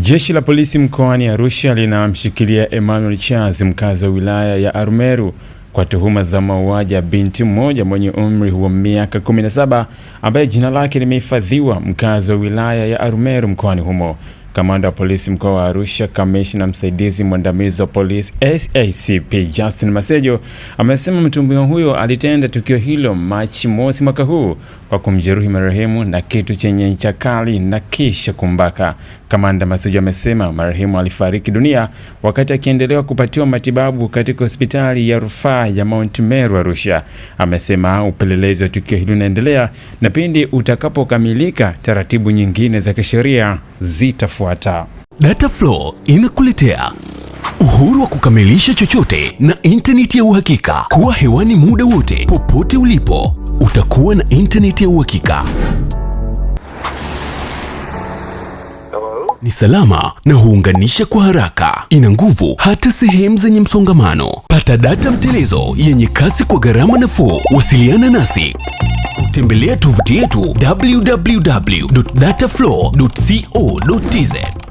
Jeshi la polisi mkoani Arusha linamshikilia Emmanuel Charles mkazi wa wilaya ya Arumeru kwa tuhuma za mauaji ya binti mmoja mwenye umri wa miaka 17 ambaye jina lake limehifadhiwa, mkazi wa wilaya ya Arumeru mkoani humo. Kamanda wa polisi mkoa wa Arusha, kamishna msaidizi mwandamizi wa polisi SACP Justin Masejo amesema mtuhumiwa huyo alitenda tukio hilo Machi mosi mwaka huu kwa kumjeruhi marehemu na kitu chenye ncha kali na kisha kumbaka. Kamanda Masejo amesema marehemu alifariki dunia wakati akiendelea kupatiwa matibabu katika hospitali ya rufaa ya Mount Meru Arusha. Amesema upelelezi wa tukio hilo unaendelea na pindi utakapokamilika, taratibu nyingine za kisheria zitafuatwa. Data Flow inakuletea uhuru wa kukamilisha chochote na intaneti ya uhakika. Kuwa hewani muda wote, popote ulipo, utakuwa na intaneti ya uhakika. ni salama na huunganisha kwa haraka. Ina nguvu hata sehemu zenye msongamano. Pata data mtelezo yenye kasi kwa gharama nafuu. Wasiliana nasi tembelea tovuti yetu www.dataflow.co.tz.